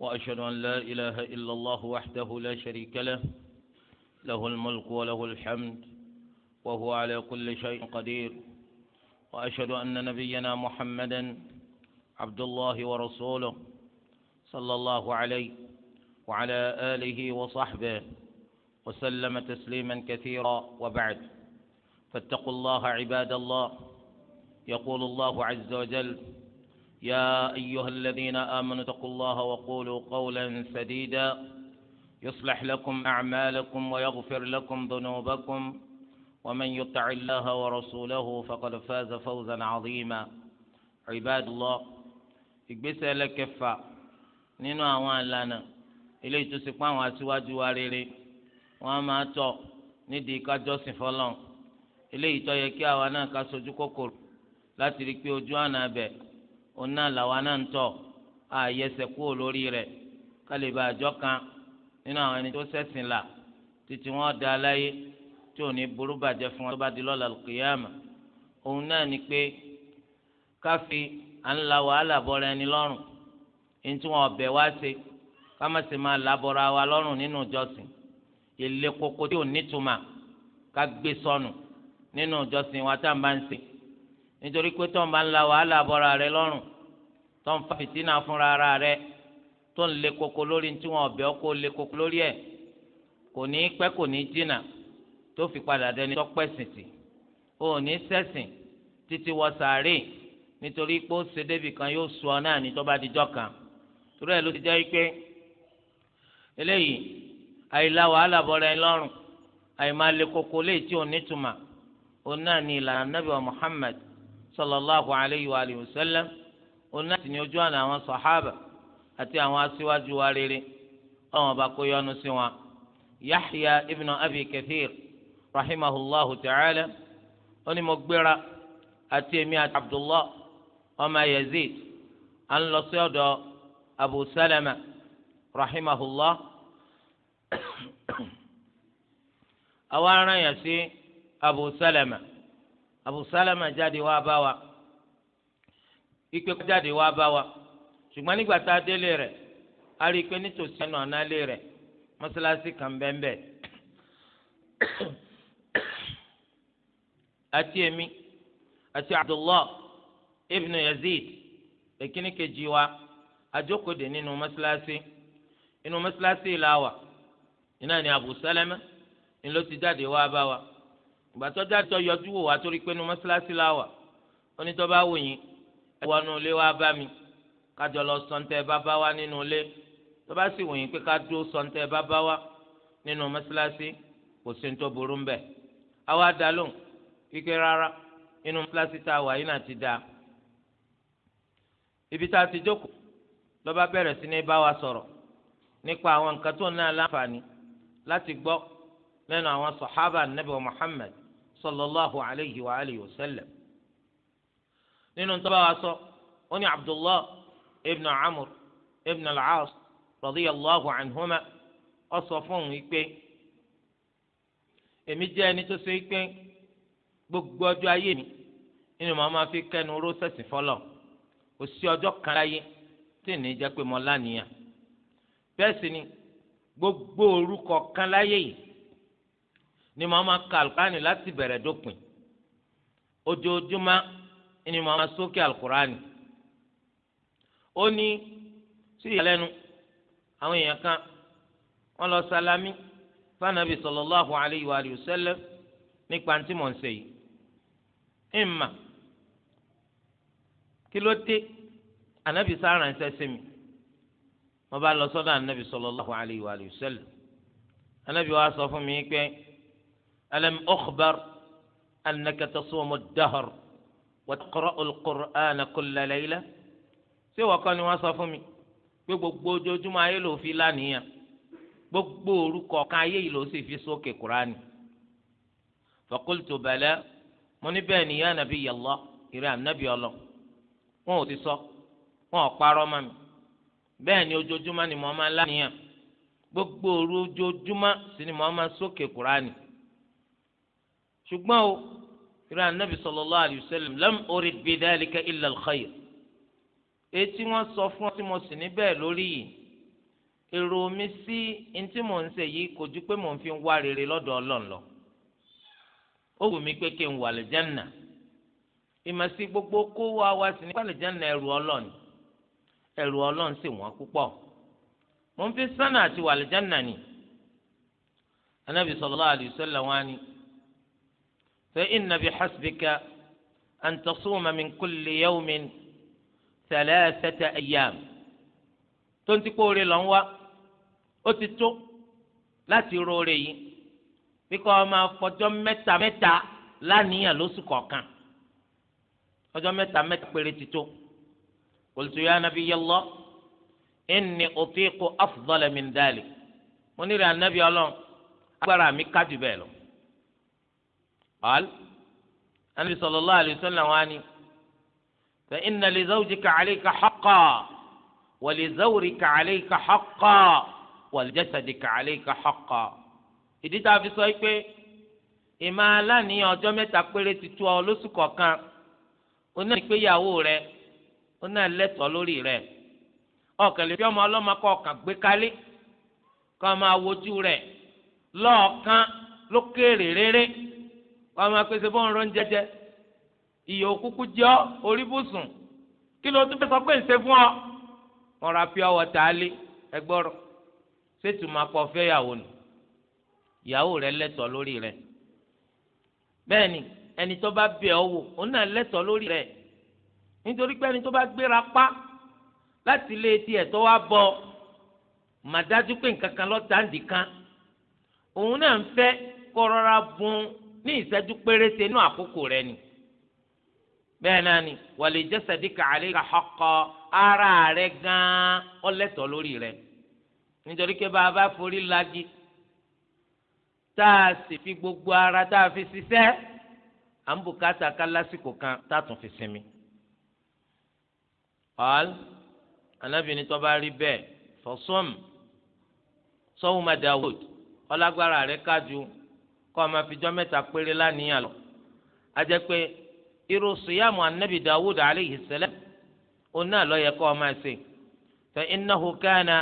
وأشهد أن لا إله إلا الله وحده لا شريك له له الملك وله الحمد وهو على كل شيء قدير وأشهد أن نبينا محمدا عبد الله ورسوله صلى الله عليه وعلى آله وصحبه وسلم تسليما كثيرا وبعد فاتقوا الله عباد الله يقول الله عز وجل يا أيها الذين آمنوا اتقوا الله وقولوا قولا سديدا يصلح لكم أعمالكم ويغفر لكم ذنوبكم ومن يطع الله ورسوله فقد فاز فوزا عظيما عباد الله إكبس لك فا نينو أوان لنا إلي تسقان واسواج واريري وما تو ندي كجوس فلان إلي تو يكي أوانا كسجوكو كور لا تريكي أجوانا بيه Ona làwa náà ń tọ̀ àyẹsẹ̀ kúrò lórí rẹ̀ kálí àjọ kan nínú àwọn ẹni tó sẹ̀sìn là títí wọn da aláyé tí ò ní burú bàjẹ́ fún wọn tó bá di lọ́la kìyàmà òun náà ni pé káfí à ń la wàhálà bọ́ra ẹni lọ́rùn ẹni tí wọn ọbẹ̀ wá ṣe ká má sì máa labọ́ra wa lọ́rùn nínú ìjọsìn ilé koko tí ò nítumà ká gbé sọnù nínú ìjọsìn wa tá à ń bá ń ṣe nítorí pé tó ń bá ń la wàhálà bọ́ra rẹ lọ́rùn tó ń fa fìtínà fúnra ara rẹ tó ń le koko lórí tí wọn ọbẹ̀ ọkọ le koko lórí ẹ̀ kò ní í pẹ́ kò ní í jìnà tó fi padà dẹni tó pẹ́ sìn tì ò ní sẹ́sìn títí wọ sàárè nítorí pé ó ṣe débì kan yóò sọ náà ní tó bá dijọ́ kan torí ẹ̀ ló ti jẹ́ pé eléyìí àìla wàhálà bọ́ra ẹ lọ́rùn àìmá le koko léyìí tí ò ní tuma òun náà ní ìlànà nàbẹ̀wò Muhammad sallallahu alayhi wa alihi wa sallam onáà sì ni ojú àná àwọn sàhábà àti àwọn aṣíwájú wa rere ọ̀hún ọba kó yọ́nú sí wọn. yahya ibn abi kathir rahimahullahu ta'ala ó ní mo gbéra àti èmi àti abdullah ọmọ yazid à ń lọ sí ọ̀dọ̀ abu salama rahimahullah àwa aráyàn sí abu salama abu salama jáde wá bá wa ikpe jáde wá bá wa ṣùgbọ́n nígbà tá a délé rẹ̀ a rí i pé nítòsí ẹnu ọ̀nà lé rẹ̀ mọ́sálásí kan bẹ́ẹ̀nbẹ́ẹ̀ àti èmi àti abdullah ibn yazid èkíní kejì wa àjókòdè nínú mọ́sálásí inú mọ́sálásí làwà iná ni abu salama ni ló ti jáde wá bá wa ìgbà tó dájọ́ yọjú wò wá torí pé nu mọ́ṣáláṣí la wà ó ní tó bá wò yín ẹ wọnú ilé wá bá mi kájọ lọ sọ̀ǹtẹ̀ bàbá wa nínú ilé tó bá sì wò yín pé ká dúró sọ̀ǹtẹ̀ bàbá wa nínú mọ́ṣáláṣí kò sí ní tó burú ń bẹ̀ àwa dá lóhùn kíkẹ́ rárá nínú mọ́ṣáláṣí tá a wà yín náà ti dáa ibi tá a ti jókòó ló bẹ̀rẹ̀ sí ní bá wa sọ̀rọ̀ nípa àwọn nǹkan tó náà láǹfààní láti gbọ́ lẹ́nu àwọn sọ̀hábà nàbẹ̀ Muhammad صلى الله عليه وآله وسلم. sallam nínú tọ́ba wa sọ ó ní abdullah ibn amr ibn al-aas radiyallahu anhuma ó sọ fún òun pé èmi jẹ́ ẹni tó ṣe pé gbogbo ọjọ́ ayé mi nínú màá máa fi kẹ́nu ró sẹ̀sìn fọlọ́ kò sí ọjọ́ kan láyé tí ní jẹ́ pé mo lánìyàn bẹ́ẹ̀ sì ni gbogbo orúkọ kan láyé yìí ni màá máa ka alukurani láti bẹ̀rẹ̀ dópin ojoojúmọ́ ni màá máa sókè alukurani ó ní sí ìyàlẹ́nu àwọn èèyàn kan wọ́n lọ sálámí fanabi sọlọ́láhu alayhi wa sallam nípa ntí mò ń ṣe yìí ìmà kí ló dé anabi sáárà ń sẹ́sẹ́ mi wọ́n bá lọ sọ́dọ̀ anabi sọlọ́láhu alayhi wa sallam anabi wa sọ fún mi pé. ألم أخبر أنك تصوم الدهر وتقرأ القرآن كل ليلة سوى كان وصفمي gbogbo ojoojúmọ́ ayé ló fi lánìyàn gbogbo orúkọ kan ayé yìí ló sì fi sókè kúránì فقلت بلى mo ní bẹ́ẹ̀ ni ya nabi Allah ìrẹ́ ànábì ọlọ wọn ò ti sọ wọn ò parọ́ mọ́ mi bẹ́ẹ̀ ni ojoojúmọ́ ni mo máa lánìyàn gbogbo òru ojoojúmọ́ sì ni mo máa sókè kúránì ṣùgbọ́n o irú anabi sallallahu alayhi wa sallam lam orid bi dhalika illa al-khayr etí wọ́n sọ fún ọ tí mo sì ní bẹ́ẹ̀ lórí yìí èrò mi sí ntí mò ń ṣe yìí kò ju pé mò ń fi wá rere lọ́dọ̀ Ọlọ́run lọ ó wù mí pé kí n wà lẹ́jẹ̀nà ìmọ̀sí gbogbo kó wa wá sí nípa lẹ́jẹ̀nà ẹrù Ọlọ́run ẹrù Ọlọ́run sì wọ́n púpọ̀ mò ń fi sánà àti wà lẹ́jẹ̀nà ni anabi sallallahu alayhi wa sallam wá ni. فإن بحسبك أن تصوم من كل يوم ثلاثة أيام tonti kóore lọ ń wá ó ti tó láti roore yìí bí kò máa fọjọ́ mẹ́ta mẹ́ta láníyàn lóṣù kọ̀ọ̀kan ọjọ́ mẹ́ta mẹ́ta péré ti tó qultu ya nabiyallah inni utiqu afdala min mo nílò anabi ọlọ́run agbára mi kájú bẹ́ẹ̀ lọ. قال النبي صلى الله عليه وسلم واني فإن لزوجك عليك حقا ولزورك عليك حقا ولجسدك عليك حقا ìdí tá a fi sọ pé ìmọ̀ aláníyàn ọjọ́ mẹ́ta péré ti tú ọ lóṣù kọ̀ọ̀kan ó náà ní pé ìyàwó rẹ ó náà lẹ́tọ̀ọ́ lórí rẹ ọ̀kẹ́lẹ́ fi ọmọ ọlọ́mọ kọ́ ọ̀kàn gbé kálé kọ́ máa wojú rẹ lọ́ọ̀kan lókèrè rere wàá máa pèsè bó ń ron jẹjẹ ìyè òkúkú jẹ ọ orí bùsùn kí ló tún fẹ́ sọ pé ń ṣe fún ọ wọn ra pure water lé ẹgbọrọ ṣètò máa pọ fẹ́ yàwó nù ìyàwó rẹ lẹ́tọ̀ọ́ lórí rẹ bẹ́ẹ̀ni ẹni tó bá bẹ̀ ọ́ wò òun náà lẹ́tọ̀ọ́ lórí rẹ nítorí pé ẹni tó bá gbéra pa láti ilé tiẹ̀ tó wá bọ màdájú pé nǹkan kan lọ́tàǹdì kan òun náà ń fẹ́ kó rọra bùn ní ìṣẹ́jú péréte inú àkókò rẹ ni bẹ́ẹ̀ náà ni wàlẹ̀ jẹ́sẹ̀dí kàlẹ́ ka ọkọ ara rẹ gan-an ọlẹ́tọ̀ lórí rẹ nítorí pé bá a bá forí lagi tá a sì fi gbogbo ara tá a fi ṣiṣẹ́ à ń bùkátà ká lásìkò kan tá a tún fi sinmi. ọ̀hán anábìnrin tó bá rí bẹ́ẹ̀ fọ́sọ́m sọ́wọ́n ma Dawud ọlágbára rẹ kájú kọ́ ọ máa fi jọ́ mẹ́ta péré lánìyàn lọ. a jẹ́ pé irú síyàmù anabi dawud aleyhi sẹlẹm òun náà lọ yẹ kọ́ ọ máa ṣe fa innahu kana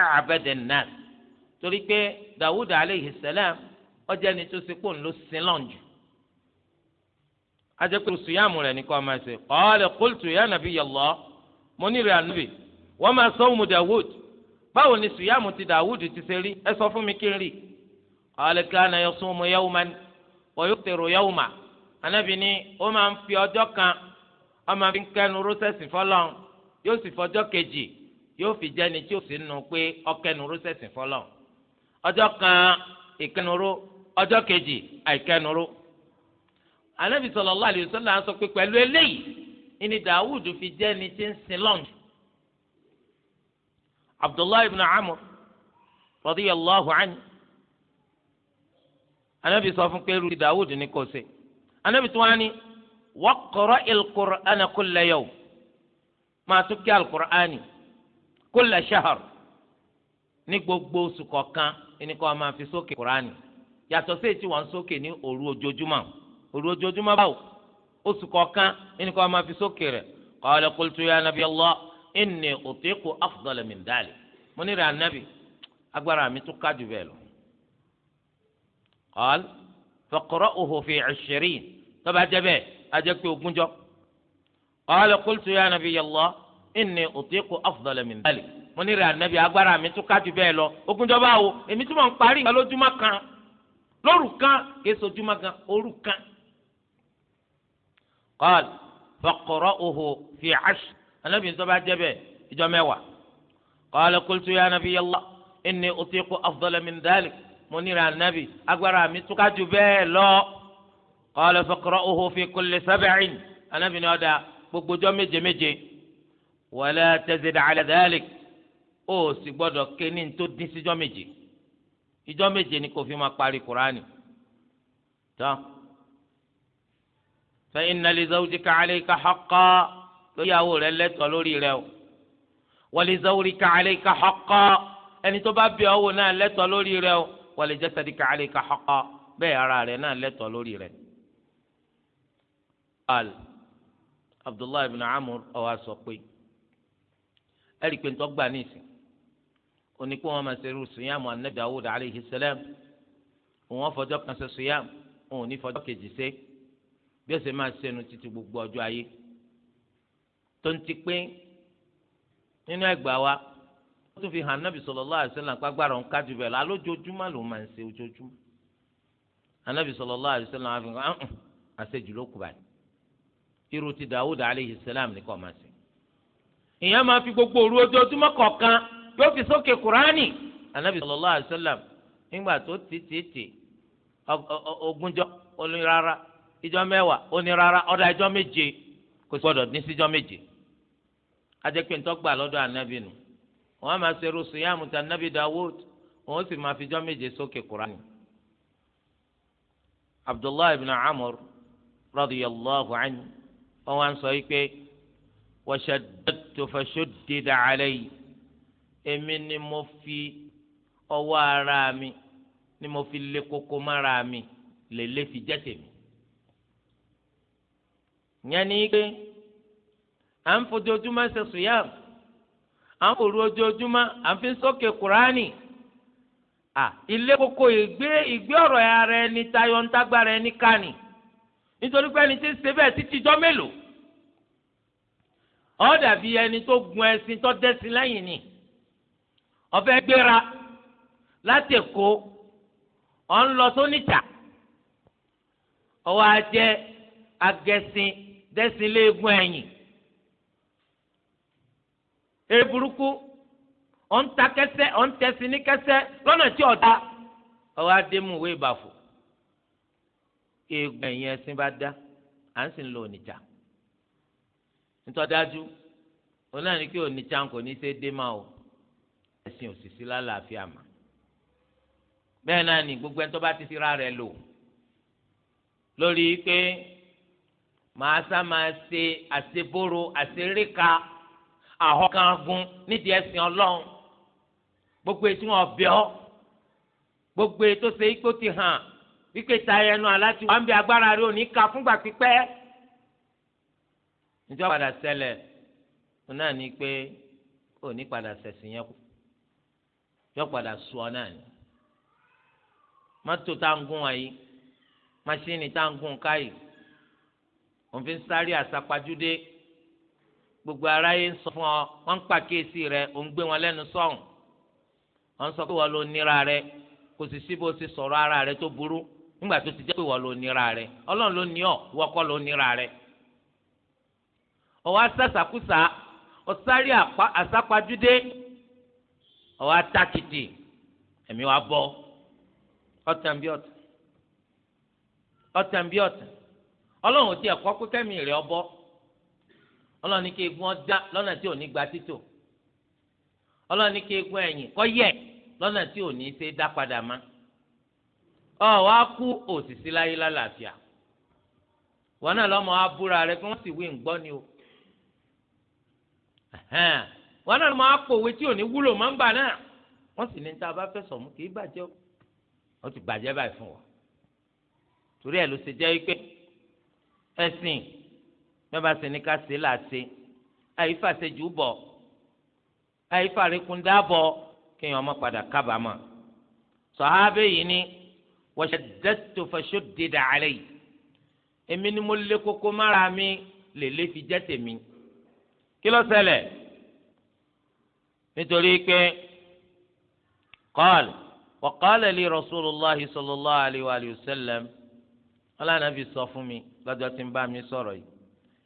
a'badan nas torí pé dawud aleyhi sẹlẹm ọjà ni tó ṣe pò ń lọ sílọ̀ jù a jẹ́ pé irú síyàmù rẹ̀ ni kọ́ ọ máa ṣe qala qultu ya nabiyallah mo ní ìrẹ̀ ànúbì wọ́n máa sọ́wọ́mù dawud báwo ni síyàmù ti dawud ti ṣe rí ẹ sọ fún mi kí n rí qala kana yasumu yawman wa yuftiru yawman Ànábì ní ó máa fi kan ọ ma fi ń kẹnu rọ́sẹ̀sì fọlọ́n yóò sì fọjọ́ fi jẹ́ni tí ó sì pe ọ ọkẹnu rọ́sẹ̀sì fọlọ́n ọjọ́ kan keji sọ pé eléyìí Dàwùdù fi tí ń sin Abdullahi ibn anabi sọ fún pé rúdi dawud ní kò ṣe anabi tí wọn ní waqra al-Qur'ana kulla yawm máa tún kí al-Qur'ani kulla shahr ní gbogbo oṣù kọ̀ọ̀kan ẹni kọ́ máa fi sókè kúránì yàtọ̀ sí ètí wọn sókè ní òru ojoojúmọ́ òru ojoojúmọ́ báwo oṣù kọ̀ọ̀kan ẹni kọ́ máa fi sókè rẹ̀ qala qultu ya nabiyallah inni utiqu afdala min dhalik mo ní rẹ̀ ànábì agbára mi tún kájú bẹ́ẹ̀ lọ qal faqra'uhu fi 'ishrin tó bá jẹ́ bẹ́ẹ̀ á jẹ́ pé ogúnjọ́ qala qultu ya nabiyallah inni utiqu afdala min dhalik mo ní rẹ ànábì agbára mi tún kájú bẹ́ẹ̀ lọ ogúnjọ́ báwo èmi tún mọ̀ ń parí nǹkan lójúmọ́ kan lóru kan kìí sojúmọ́ kan òru kan. qal faqra'uhu fi 'ashr ànábì tó bá jẹ́ bẹ́ẹ̀ ìjọ mẹ́wàá qala qultu ya nabiyallah inni utiqu afdala min dhalik mo níra nàbì agbára mi túká ju bẹ́ẹ̀ lọ. kọlẹ qala ọhún fi kulli sab'in anábì ni ọ̀dà gbogbo jọ méje méje wala tazid ala dhalik ó sì gbọ́dọ̀ ké ní tó dín síjọ́ méje ìjọ́ méje ni to din sí jọ meje ijo meje ni ko fi máa parí kuraani tán. fa inna li zawjika alayka haqqan lóyàwó rẹ lẹtọ lórí rẹ o wa li zawrika alayka haqqan ẹni tó bá bí ọ wò náà bẹ o wo naa lẹtọ lori re o wa li jasadika alayka haqqan bẹ́ẹ̀ ara rẹ̀ náà lẹ́tọ̀ọ́ lórí rẹ̀. al abdullahi ibn amur ọwọ́ sọ pé ẹ̀rí pé ntọ́ gbà níìsín oníkó wọn máa ṣerú sùyàmù anabi awúdà aleyhi sẹlẹm òun fọjọ́ kan ṣe sùyàmù òun ní kejì ṣe bí ó máa ṣẹnu títí gbogbo ọjọ́ ayé tó ń ti pín nínú ẹgbàá wa. ó tún fi hàn nábì sallallahu alaihi wasallam pàgbára òun kájú bẹ́ẹ̀ lálójoojúmọ́ ló máa ń ṣe ojoojúmọ́ anábì sallallahu alaihi wasallam àfi hàn àṣejù ló kù báyìí irú ti Dawud alayhi salam ní kò máa ṣe ìyẹn fi gbogbo òru ojoojúmọ́ kọ̀ọ̀kan yóò fi sókè kúránì anábì sallallahu alaihi nígbà tó ti ti ti ìjọ ọ̀dà ìjọ méje kò sí wọn á máa ṣerú síyáàmù tá nábì Dawud wọn ó sì máa fi jọ́ méje sókè Kúránì. Abdullahi ibn Amr radiyallahu anhu wọn wá ń sọ yìí pé wa shaddadtu fashuddida alayya èmi ni mo fi ọwọ́ ara mi ni mo fi lé koko mára mi lèlé fi jẹ́ tèmi. ìyẹn ni pé à ń fojoojúmọ́ ṣe sùyàmù à ń òru ojoojúmọ́ à ń fi sókè kúránì ilé koko ìgbé ìgbé ya ara ẹni tayọ ń tágbára ẹni kánì nítorí pé ẹni tí ń ṣe bẹ́ẹ̀ títí jọ́ mélòó ó dàbí ẹni tó gun ẹṣin tó dẹ́ṣin lẹ́yìn ni ó gbéra láti Èkó ó ń lọ sóníjà ó wá jẹ́ agẹṣin léegun ẹ̀yìn Eburuku, burúkú ọ̀ ń ta kẹsẹ́ ọ̀ ń tẹ̀sí ní kẹsẹ́ lọ́nà tí ọ̀dà ọwọ́ adémùwé ìbàfọ̀ eegun ẹ̀yìn ẹ̀sìn bá dá à ń sì ń lo ònìjà nítọ́dájú onáàní kí ònìjà kò ní í ṣe dé máa o ẹ̀sìn òṣìṣì lálàáfíà mà bẹ́ẹ̀ náà ni gbogbo ẹni tó ti síra rẹ̀ lò lórí pé màá sá máa ṣe àṣeboro àṣeríka àhọkangun nídìí ẹ̀sìn ọlọ́run gbogbo ètò wọn bẹ ọ gbogbo ètò ṣe ikó ti hàn wípé ta ẹnu aláti wọn bí agbára rẹ ò ka fúngbà pípẹ́ níjọ́ padà ṣẹlẹ̀ fún náà ni pé ò padà ṣẹ̀sìn yẹn kù yọ padà sọ ọ náà ni mọ́tò tá ń gún wa yìí máṣíìnì tá ń gún ká yìí òun fi ń sáré àsápajúdé gbogbo aráyé ń sọ fún ọ wọn ń pàkíyèsí rẹ ò ń gbé wọn lẹnu sọ̀hún wọn sọ pé wọn ló nira rẹ kò sì sí bó ti sọ̀rọ̀ ara rẹ tó burú nígbà tó ti jẹ́ pé wọn ló nira rẹ Ọlọ́run ló ní ọ wọn kọ́ ló nira rẹ ọwọ́ asásàkúsà ọ̀sárí àsápajúdé ọwọ́ atákìtì ẹ̀mí wa bọ́ ọ̀tàn bí ọ̀tàn ọ̀tàn bí ọ̀tàn Ọlọ́run ò tiẹ̀ kọ́ pé kẹ́mi rẹ̀ ọ bọ́. ọlọ́ni kí egun ọ̀dá lọ́nà tí ò ní gba títò ọlọ́ni kí egun ẹ̀yìn kọ́ yẹ̀ lọ́nà tí ò ní ṣe dá padà má ọ wá kú òsìsí láyé lálàáfíà wọn náà lọ́mọ wa búra rẹ pé wọ́n sì wí ǹgbọ́ ni o wọn náà lọ́mọ wa pòwe tí ò ní wúlò má ń bà náà wọ́n sì ní ta bá fẹ́ sọ̀mù kì í bàjẹ́ o wọ́n ti bàjẹ́ báyìí fún wa torí ẹ̀ ló ṣe jẹ́ pé bẹ́ẹ̀ bá ṣe ní ká ṣe làṣe àyífà ṣèjú bọ̀ àyífà rékúndá bọ̀ kéèyàn ọmọ padà kábàámọ̀ sọ̀hábẹ́ yìí ni wa shaddadtu fa shuddida alayhi èmi ni mo lé koko mára mi lèlé fi jẹ́ tèmi kí ló ṣẹlẹ̀ nítorí pé qala wa qala li rasulillah sallallahu alayhi wa ọlọ́run náà fi sọ fún mi lọ́jọ́ tí ń bá mi sọ̀rọ̀ yìí.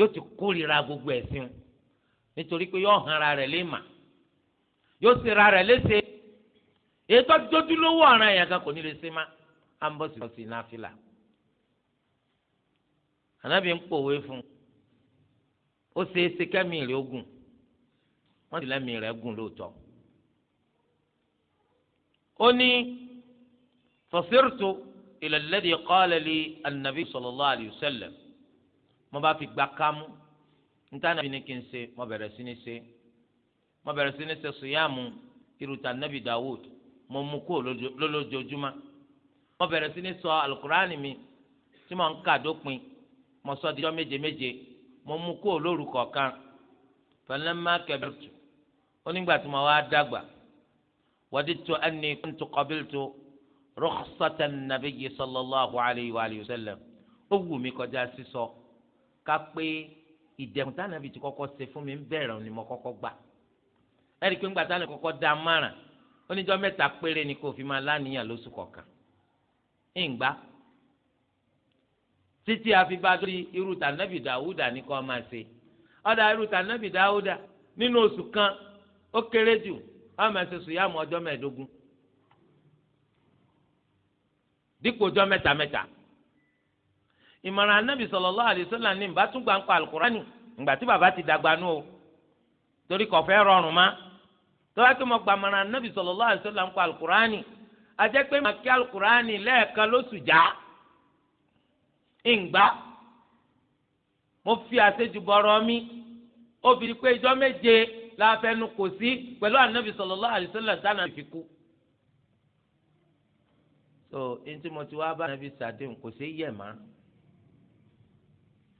yóò ti kórìíra gbogbo ẹ̀sìn nítorí pé yóò hàn ara rẹ̀ léèmà yóò sì ra rẹ̀ léṣe ètò àjọdúnlówó ọ̀ràn ẹ̀yà kan kò ní lè ṣe má á ń bọ̀ sí ọ̀sìn náà fìlà ànábì ń pòwe fún ó ṣe é ṣe kẹ́mi rẹ̀ ogun wọ́n sì lẹ́mi rẹ̀ gùn lóòótọ́ ó ní fasirtu ila alladhi qala li annabi mo bá fi gba kámú níta ní kí n ṣe mo bẹ̀rẹ̀ sí ní ṣe mo bẹ̀rẹ̀ sí ní ṣe sùyàmù irúta nabi dawud mo mú kó lójoojúmọ́ mo bẹ̀rẹ̀ sí ní sọ alukurani mi tí mo ń kà dópin mo sọ di ọjọ́ méje méje mo mú kó lóru kọ̀ọ̀kan falamma kabirtu onígbà tí mo wá dàgbà wadidtu anni kuntu qabiltu rukhsatan nabiyyi sallallahu alayhi wa alihi wa sallam ó wù mí kọjá sísọ. So ká pé ìdẹ̀kùn táwọn ẹbí ti kọ́kọ́ ṣe fún mi ń bẹ̀rẹ̀ ni mo kọ́kọ́ gbà ẹ̀rí pé ńgbà táwọn kọ́kọ́ márùn oníjọ́ fi máa láníyàn lóṣù kọ̀ọ̀kan ìǹgbà títí àfibá lórí irú tànàbì dáwúdà ní kò máa ṣe ọ̀dà irú tànàbì dáwúdà nínú oṣù kan ó kéré jù ọmọ ẹsẹ sùyàmù ọjọ́ mẹ́ẹ̀ẹ́dógún dípò ọjọ́ mẹ́ta mẹ́ta. ìmọ̀ràn anábì sallallahu alaihi wasallam ní ìbá tún gbà alukurani ìgbà tí bàbá ti dàgbà nù o torí kò fẹ́ rọrùn ma tọ́lá tó mọ gbàmọ̀ràn anábì sallallahu alaihi wasallam alukurani ajẹ́ pé màkí alukurani lẹ́ẹ̀kan já ìgbà mo fi àṣejù bọ̀rọ̀ mi obìnrin pé ìjọ méje la fẹnu kò sí pẹ̀lú anábì sallallahu alaihi dáná fi kú so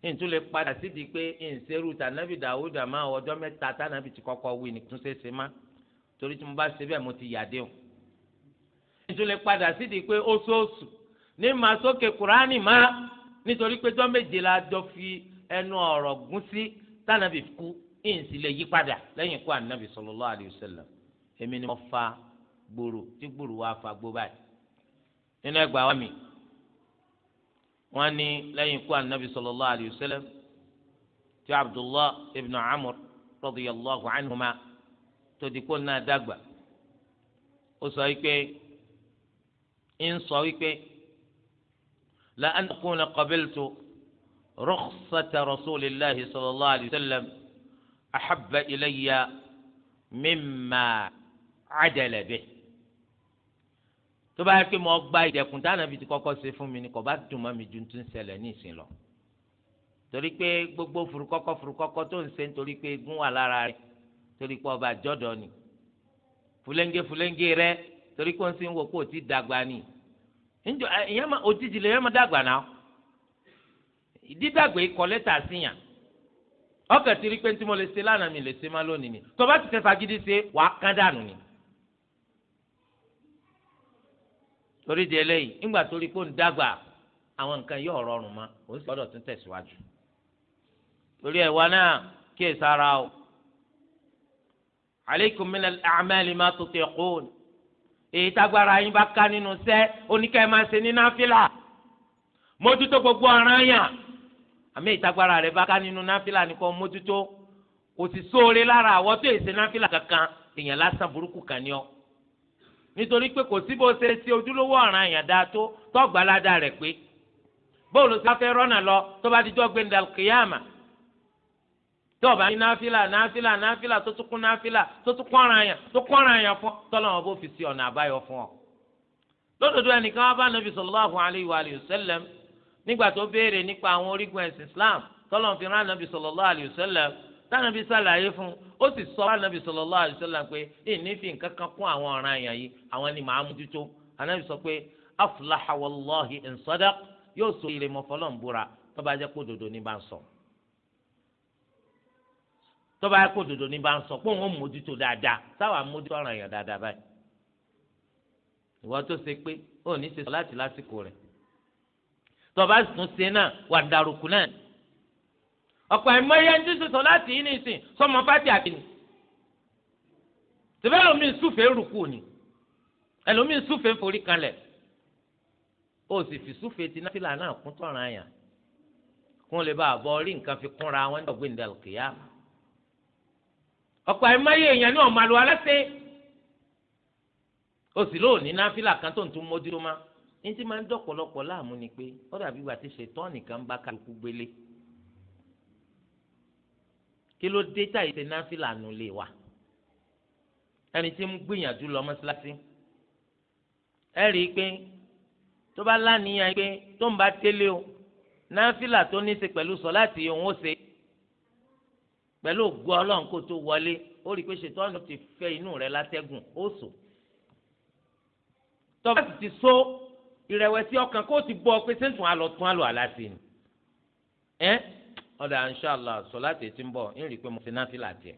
ntún lè padà sídìí pé ǹṣerú tànàbì dàwúdù àmọ́ ọjọ́ mẹ́ta tànàbì ti kọ́kọ́ wí ni tún ṣe ṣe má torí tí mo bá ṣe bẹ́ẹ̀ mo ti yà déhùn. ntún lè padà sídìí pé oṣooṣù ní màá sókè kúránì má nítorí pé jọ́ méje la jọ fi ẹnu ọ̀rọ̀ gún sí tànàbì kú ǹsì lè yí padà lẹ́yìn kú ànàbì sallallahu alayhi èmi ni mo fa gbòòrò tí gbòòrò wa fa gbó báyìí nínú ẹgbàá wa mi. wọ́n ní lẹ́yìn ikú anabi sallallahu alayhi wa sallam tí abdullah ibn amr radiyallahu anhuma tó di kó náà dàgbà ó sọ wípé ń sọ wípé la an akuna qabiltu rukhsata rasulillahi sallallahu alayhi wa sallam ahabba ilayya mimma adala tó bá yẹ pé mo gba ìdẹ̀kùn táwọn àbí ti kọ́kọ́ ṣe fún mi ni kò bá dùn mọ́ mi ju tún ṣẹlẹ̀ ní ìsìn lọ torí pé gbogbo furukọ́kọ́ furukọ́kọ́ tó ń ṣe nítorí pé egun wà lára rẹ̀ torí pé ọba jọ́dọ̀ ni fúlẹ́ńgé fúlẹ́ńgé rẹ torí pé ó ń sìn wò pé ó ti dàgbà ni njọ ìyẹn ma òjijì lè yẹn ma dàgbà náà dídàgbé kọ lẹ́tà síyàn ọkàn ti rí pé ntí mo lè ṣe lánàá mi lè ṣe má lónìí ni tó bá ti tẹ fagídí ṣe wàá kán dànù ni. torí di eléyìí ńgbà torí pé ń dàgbà àwọn nǹkan yóò rọrùn mọ́ ó sì gbọ́dọ̀ tún torí ẹ̀ wá náà kíyè sára o aleikum min al-a'mali èyí tágbára yín bá ká nínú sẹ́ oníkẹ́ máa ní náfìlà gbogbo ọ̀ràn yàn àmì ìtagbára bá nínú náfìlà nìkan mójútó kò sì sóore lára náfìlà kankan nítorí pé kò síbò ṣe ṣe ojúlówó ọ̀ràn àyàn dáa tó tọ́gbàládà rẹ̀ pé bóòlù sáfẹ́ rọ́nà lọ tó bá dijọ́ gbẹ̀ndà kìyàmà tó bá ní náfìlà náfìlà náfìlà tó tún kún náfìlà tó tún kún ọ̀ràn àyàn tó kún ọ̀ràn àyàn fún tọ́lọ́ wọn bó fi sí ọ̀nà àbáyọ fún ọ. lódodo ẹnìkan wá bá nàbì sallallahu alayhi wa sallam nígbà tó béèrè nípa àwọn orígun ẹ̀sìn Islam tọ́lọ́ fi rán nàbì sallallahu alayhi wa sallam tánàbí sàlàyé fún ó sì sọ ànàbí sallallahu alaihi wasallam pé ìní fi nǹkan kan kún àwọn ọ̀ràn àyàn yìí ni màá mójútó sọ pé aflaha wallahi yóò sọ ire mọ́fọ́lọ́ ń búra tó jẹ́ kó ní bá ń sọ tó jẹ́ kó dodo ní bá ń sọ pé òun mójútó dáadáa sáwà mójútó ọ̀ràn àyàn dáadáa báyìí tó ṣe pé ọ̀pọ̀ ẹ̀mọ́ yẹn ti sọ láti yín nìsín sọmọ fati àkìní tẹ̀fẹ́ lomi súfèé rúkú ni ẹlòmí súfèé forí kanlẹ̀ ó sì fi súfèé ti náfìlà náà kún tọ̀ràn àyàn kí wọ́n lè bá àbọ̀ orí nǹkan fi kúnra wọn dọ̀gbé ní dàlùkìyà ọ̀pọ̀ ẹ̀mọ́yé èèyàn ní ọ̀ma lu aláṣẹ ó sì lóò ní náfìlà kan tó ń tún mójútó má ní ti máa ń dọ̀pọ̀lọpọ̀ láàmú ni pé ó dàbí wà ti ṣètọ́ nìkan bá kálukú gbélé kí ló dé tá ìṣe náfìlà nù lè wà ẹni tí ń gbìyànjú lọ mọ́sálásí ẹ rí i pé tó bá láníyàn pé tó ń bá délé o náfìlà tó ní í ṣe pẹ̀lú sọ̀láàtì òun ó ṣe pẹ̀lú ògùn ọlọ́run kó tó wọlé ó rí i pé ṣètọ́nù ti fẹ́ inú rẹ̀ látẹ́gùn ó sò tó sì ti so ìrẹ̀wẹ̀sì ọkàn kó o ti bọ́ ọ pé sẹ́ńtùn alọ̀ tún alọ̀ àlá sí ni. Eh? ọ̀dà inṣàlá sọ̀láàtì tí ń bọ̀ ń rí i pé mo ti náà fi là tiẹ̀.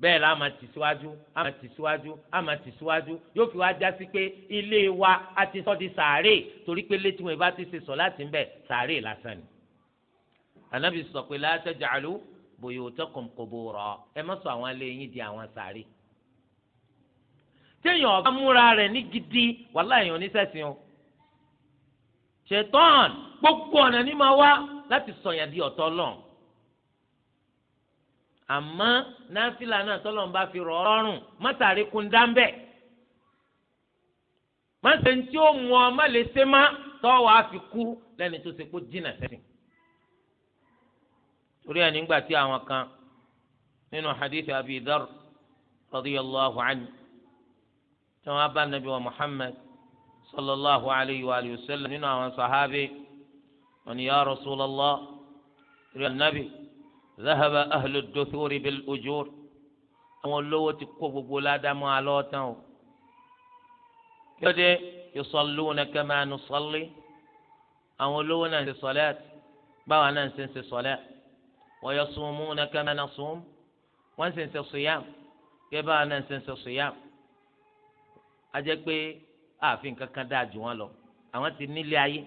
bẹ́ẹ̀ la máa tì síwájú a máa tì síwájú a máa tì síwájú yóò fi wá já sí pé ilé wa a ti sọ di sàárè torí pé létí wọn bá ti ṣe sọ̀láàtì ń bẹ̀ sàárè lásán ni. ànábì sọ pé la taj'alu buyutakum qubura ẹ má sọ àwọn alẹ́ yín di àwọn sàárè. téèyàn ọba múra rẹ̀ ní gidi wàhálà èèyàn oníṣẹ́sìn o ṣètọ́n gbogbo ọ̀nà ní máa wá láti sọ̀yàn di ọ̀tọ̀ lọ́n àmọ́ náfìlà náà tọ́lọ́n bá fi rọ̀ ọ́rùn mọ́tàrí kun dáńbẹ́ mọ́tẹ́ tí ó mú ọ má lè ṣe má tọ́wọ́ á fi kú lẹ́ni tó ṣe kó jìnnà sẹ́sìn torí ẹ̀ nígbà tí àwọn kan nínú hadith Abi Dharr radiyallahu anhu tí wọ́n bá nabi wa Muhammad sallallahu alayhi wa sallam nínú àwọn sahabi wọn ya rasulallah rẹ nabi zahaba ahlu dothori bil ujur àwọn olówó ti kó gbogbo ládàmú alọ́ tán o lóde yusalluna kama nusalli àwọn olówó náà ń ṣe sọlẹ́t báwa náà ń ṣe ń ṣe sọlẹ́t wa yasumuna kama nasum wọ́n ṣe ń ṣe suyam kẹ́ báwa náà ń ṣe ń ṣe suyam a jẹ́ pé ààfin kankan dáa jù wọ́n lọ àwọn ti nílé ayé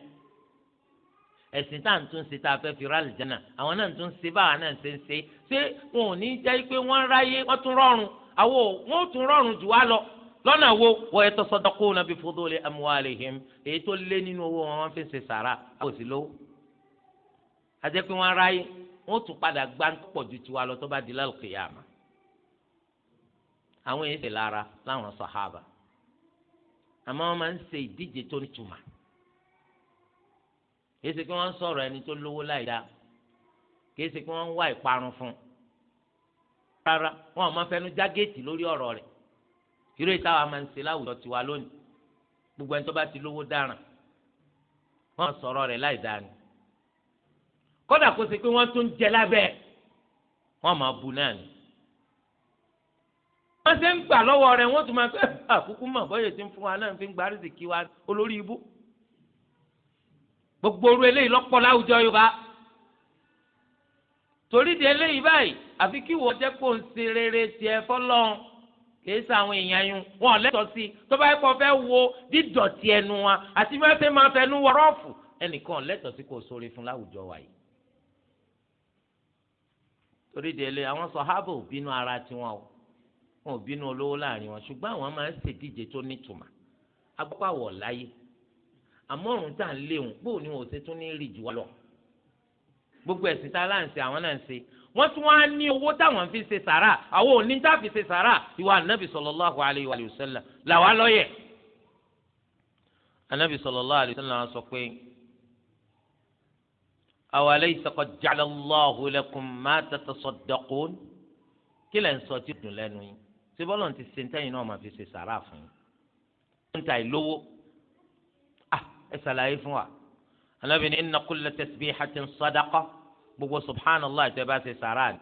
ẹ̀sìn tá à ń tún ṣe tá a fẹ́ fi rálì jẹ́nà àwọn náà ń tún ṣe báwa náà ṣe ń ṣe ṣé wọn ò ní rọrùn rọrùn jù wá lọ lọ́nà wo wọ́n yẹ tọ́sọ́dọ́kọ́ náà bí fuduli amwalihim èyí tó lé nínú owó wọn wọ́n fi ṣe sàrà kò sí lówó. àti pé wọ́n ráyé wọ́n tún padà gbá pọ̀ ju tiwa lọ tó bá di kìí ṣe kí wọ́n ń sọ̀rọ̀ ẹni tó lówó láì dáa kìí ṣe kí wọ́n ń wá ìparun fún un rárá wọn ò máa fẹnu já géètì lórí ọ̀rọ̀ rẹ̀ irú ìta wa máa ń ṣe láwùjọ tiwa lónìí gbogbo ẹni tó bá ti lówó dáràn wọn sọ̀rọ̀ rẹ̀ láì dáa ni kódà kó ṣe pé wọ́n tún jẹ lábẹ́ wọn máa bu náà ni wọ́n ṣe ń gbà lọ́wọ́ rẹ̀ wọ́n tún máa fẹ́ àkúkú mọ̀ bọ́yẹ̀ tí ń fún wa náà fi ń gbarí sí kí wa olórí ibú gbogbo oru eléyìí lọ́pọ̀ láwùjọ yorùbá torí di eléyìí báyìí àfi kí wọ́n jẹ́ kó ń ṣe rere tiẹ̀ fọlọ́n kìí sọ àwọn èèyàn yun wọn lẹ́tọ̀ọ́ sí i tó bá yẹ kó fẹ́ wo dídọ̀tí ẹnu wa àti bí wọ́n fẹ́ máa fẹnu wọ rọ́ọ̀fù ẹnìkan lẹ́tọ̀ọ́ sí kó ṣoore fún láwùjọ wa yìí torí di eléyìí àwọn sọ̀hábà ò bínú ara tiwọn o wọn ò olówó láàrin wọn ṣùgbọ́n àwọn máa ń ṣèdíje tó nítumọ̀ agbáwọ̀ láyé àmọ́rùn tá à ń léwùn bó ni wọn ò ṣe tún ní rì jù wá lọ gbogbo ẹ̀sìn tá a láǹṣe àwọn náà ń ṣe wọ́n tún wá ní owó táwọn fi ṣe sàrà àwọn ò ní tá a fi ṣe sàrà ìwà ànábì sallallahu alayhi wa sallam làwa lọ́yẹ̀ ànábì sallallahu alayhi wa sallam sọ pé awalaysa qad ja'ala Allahu lakum ma tatasaddaqun kí lẹ́ ń sọ tí dùn lẹ́nu yín ṣé bọ́lọ̀ ẹ ṣàlàyé fún wa alábìíní inna kulla tasbihatin sadaqa gbogbo subhanallah àti ẹbá ṣe sàrà ni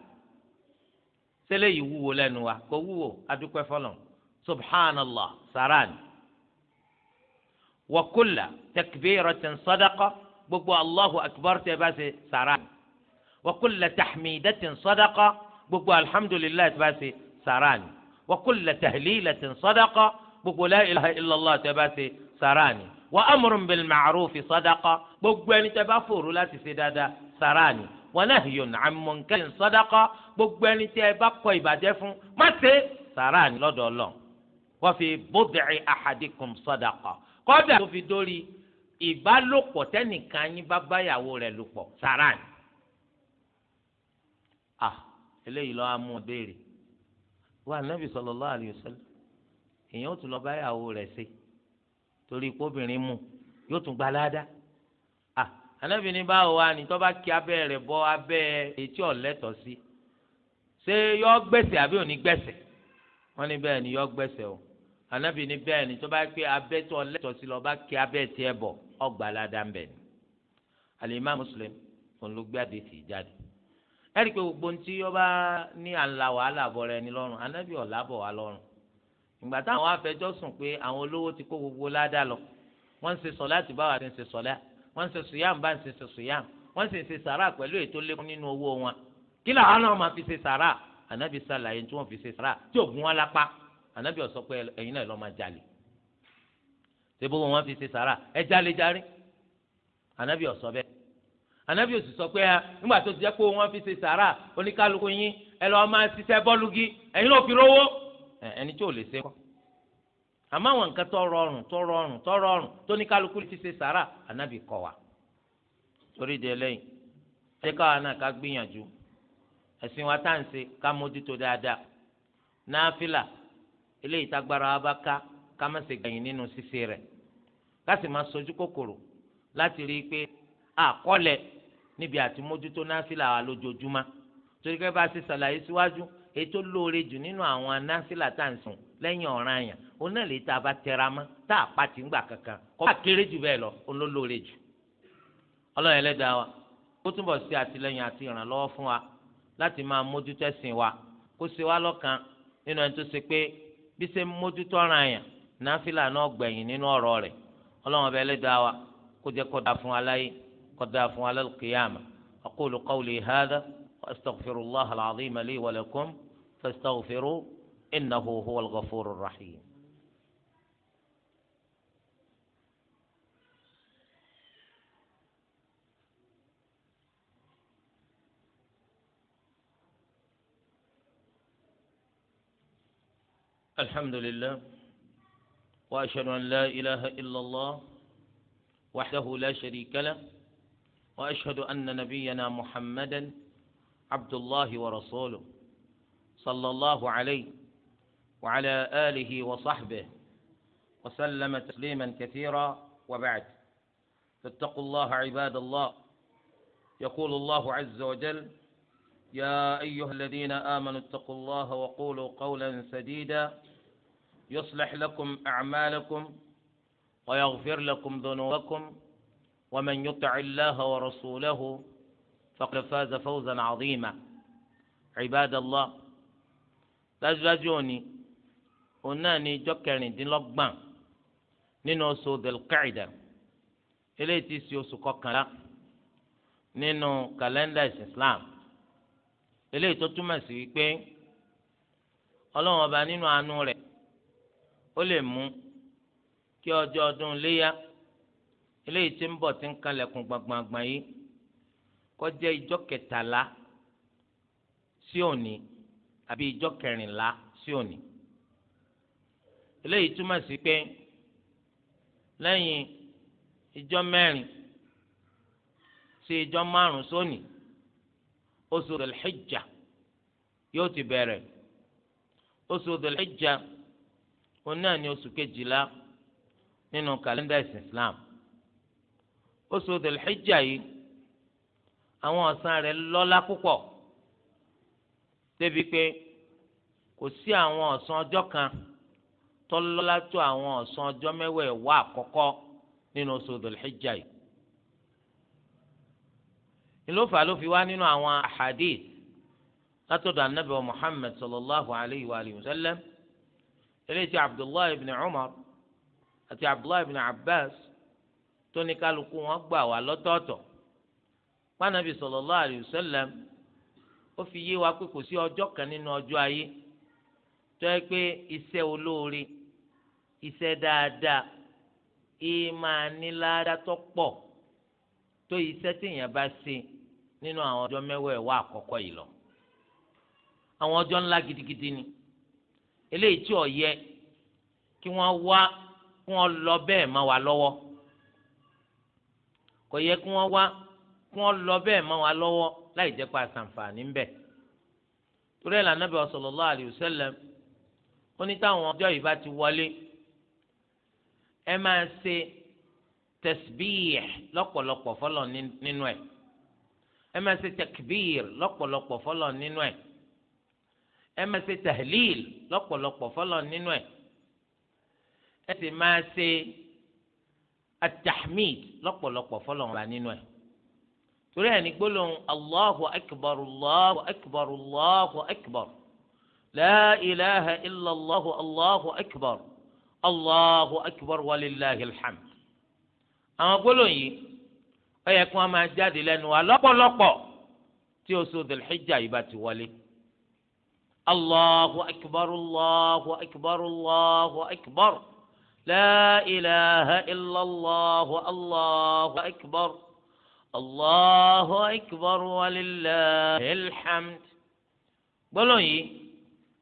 sẹlẹ yìí wúwo lẹ́nu wa kò wúwo adúpẹ́ fọlọ subhanallah sàrà ni wa kulla takbiratin sadaqa gbogbo allahu akbar tẹ bá ṣe sàrà ni wa kulla tahmidatin sadaqa gbogbo alhamdulilayi tẹ bá ṣe sàrà wa kulla tahlilatin sadaqa gbogbo la ilaha illallah tẹ bá ṣe sàrà wa amrun bil ma'rufi sadaqa gbogbo ẹni tẹ́ bá fòrò láti ṣe dáadáa sàrà ni wa nahyun 'an munkarin sadaqa gbogbo ẹni tẹ́ bá kọ ìbàjẹ́ fún má ṣe sàrà ni lọ́dọ̀ Ọlọ́run wa fi bud'i ahadikum sadaqa kọ́dà tó fi dórí ìbálòpọ̀ tẹ́nìkan yín bá báyàwó rẹ̀ lòpọ̀ sàrà ni. Ah, eléyìí lọ́wọ́ amú ọ béèrè wa Nabi sallallahu alayhi èèyàn ó tún lọ báyàwó rẹ̀ ṣe torí pé obìnrin mu yóò tún gba ládàá ah anábì ní báwo wá ní tó bá kí abẹ́ rẹ̀ bọ́ abẹ́ etí ọ̀lẹ́tọ̀ sí ṣé yọ gbẹ̀sẹ̀ àbí òní gbẹ̀sẹ̀ wọ́n ní bẹ́ẹ̀ ni yọ gbẹ̀sẹ̀ o anábì ní bẹ́ẹ̀ ni tó bá kí abẹ́ tó ọ̀lẹ́tọ̀ sí lọ́ọ́ bá kí abẹ́ tiẹ̀ bọ̀ ọgbà ládàá ń bẹ̀ ni àlèmá mùsùlùm òun ló gbé àdé tì jáde ẹ̀rí pé gbogbo ntí yọ ní àlà wàhálà bọ̀ ni lọ́rùn anábì ọ̀làbọ̀ wà lọ́rùn ìgbà táwọn afẹjọ́ sùn pé àwọn olówó ti kó gbogbo ládàá lọ wọ́n ń ṣe sọ̀lá àti báwa ti ń ṣe sọ̀lá wọ́n ń ṣe sùyàm bá ń ṣe sùyàm wọ́n sì ń ṣe sàrà pẹ̀lú ètò lékún nínú owó wọn kí làwọn náà máa fi ṣe sàrà ànábì sàlàyé tí wọ́n fi ṣe sàrà tí òògùn wọn lápá ànábì ó sọ pé ẹ̀yin náà lọ máa jalè ṣé bówó wọn fi ṣe sàrà ẹ jalè jarí ànábì ó sọ ànábì ó sọ pé nígbà tó ti jẹ́ pé wọ́n fi ṣe sàrà oníkálukú yín ẹ lọ́ọ́ máa ṣiṣẹ́ bọ́ọ̀lù gí náà fi rówó ẹni tí ò lè se kọ́ àmọ́ àwọn nǹkan tó rọrùn tó rọrùn tó rọrùn tó ní kálukú ti se sàrà ànábì kọ́ wa torí de lẹ́yìn ṣé káwa náà ká gbìyànjú ẹ̀sìn wa tá à ń ṣe ká mójútó dáadáa náfìlà eléyìí tágbára wa bá ká ká má gbẹ̀yìn nínú ṣíṣe rẹ̀ ká sì máa sojú kòkòrò láti rí i pé àkọlẹ̀ níbi àti mójútó ètò lóore jù nínú àwọn anásílà tá à ń sùn lẹ́yìn ọ̀ràn àyàn òun lè ta bá tẹra mọ́ tá a pa ti ń gbà kankan kọ́ bá kéré jù bẹ́ẹ̀ lọ òun lóore jù ọlọ́run ẹlẹ́dàá wa ó túnbọ̀ sí àtìlẹ́yìn àti ìrànlọ́wọ́ fún wa láti máa mójútó ẹ̀sìn wa kó ṣe wá lọ́kan nínú ẹni tó ṣe pé bí ṣe mójútó ọ̀ràn àyàn náfìlà náà gbẹ̀yìn nínú ọ̀rọ̀ rẹ̀ ọlọ́run ọba وأستغفر الله العظيم لي ولكم فاستغفروا إنه هو الغفور الرحيم الحمد لله واشهد ان لا اله الا الله وحده لا شريك له واشهد ان نبينا محمدا عبد الله ورسوله صلى الله عليه وعلى آله وصحبه وسلم تسليما كثيرا وبعد فاتقوا الله عباد الله يقول الله عز وجل يا أيها الذين آمنوا اتقوا الله وقولوا قولا سديدا يصلح لكم أعمالكم ويغفر لكم ذنوبكم ومن يطع الله ورسوله فقد فاز فوزا عظيما عباد الله dájúdájú òní òun náà ní ijọ́ kẹrìndínlọ́gbọ̀n nínú oṣù delkaida eléyìí ti ṣe oṣù kọkànlá nínú kàlẹ́ndà islam eléyìí tó túmọ̀ sí wípé ọlọ́run ọba nínú àánú rẹ̀ ó lè mú kí ọjọ́ ọdún léyà eléyìí tí ń bọ̀ ti ń kalẹ̀kùn gbàngbàngbàn yìí kọjá ìjọ kẹtàlá sí òní àbí ìjọ kẹrìnlá sí òní eléyìí túmọ̀ sí pé lẹ́yìn ìjọ mẹ́rin sí ìjọ márùn sóní oṣù Dhul-Hijjah yóò ti bẹ̀rẹ̀ oṣù Dhul-Hijjah òun ni oṣù kejìlá nínú kàlẹ́ndà ìsìn Islam oṣù Dhul-Hijjah yìí àwọn ọ̀sán rẹ̀ lọ́lá púpọ̀ débi pé kò sí àwọn ọ̀sán ọjọ́ kan tó lọ́lá tó àwọn ọ̀sán ọjọ́ mẹ́wẹ̀ẹ̀wá àkọ́kọ́ nínú oṣù Dhul-Hijjah yìí ìlófà ló fi wá nínú àwọn ahadith látọ̀dọ̀ anabi wa Muhammad sallallahu alayhi wa alihi wa sallam eléyìí ti Abdullahi ibn Umar àti Abdullahi ibn Abbas tó ní kálukú wọn gbà wá lọ́tọ̀ọ̀tọ̀ pànàbì sallallahu alaihi wasallam ó fi yé wa pé kò sí ọjọ́ kan nínú ọjọ́ ayé tó yẹ pé iṣẹ́ olóore iṣẹ́ dáadáa ìyí máa ní lára tó pọ̀ tó iṣẹ́ téèyàn bá ṣe nínú àwọn ọjọ́ mẹ́wẹ̀ẹ̀wá àkọ́kọ́ yìí lọ àwọn ọjọ́ ńlá gidigidi ni eléyìí tí ó yẹ kí wọ́n wá kí wọ́n lọ bẹ́ẹ̀ má wa lọ́wọ́ kò yẹ kí wọ́n wá kún ọ lọ bẹ́ẹ̀ mọ́ wa lọ́wọ́ láì jẹ́ pa àtàǹfààní ń bẹ̀. torí ẹ̀ lànà bẹ́ẹ̀ sallallahu alayhi wa sallam ó ní táwọn ọjọ́ yìí bá ti wọlé ẹ máa ṣe tẹsibíyẹ lọ́pọ̀lọpọ̀ fọlọ́ nínú ẹ̀ ẹ máa ṣe tẹkibíyẹ lọ́pọ̀lọpọ̀ fọlọ́ nínú ẹ̀ ẹ máa ṣe tahlil lọ́pọ̀lọpọ̀ fọlọ́ nínú ẹ̀ ẹ sì máa ṣe atahmid lọ́pọ̀lọpọ̀ fọlọ́ nínú ẹ̀. torí ẹni gbólóhùn allahu akbar allahu akbar allahu akbar la ilaha illa allahu allahu akbar allahu akbar walillahi alhamd àwọn gbólóhùn yìí ó yẹ kí wọn máa jáde lẹ́nu wa lọ́pọ̀lọpọ̀ tí oṣù Dhul-Hijja yìí bá ti wọlé allahu akbar allahu akbar allahu akbar la ilaha illa allahu allahu akbar. الله أكبر ولله الحمد. gbólóhùn yìí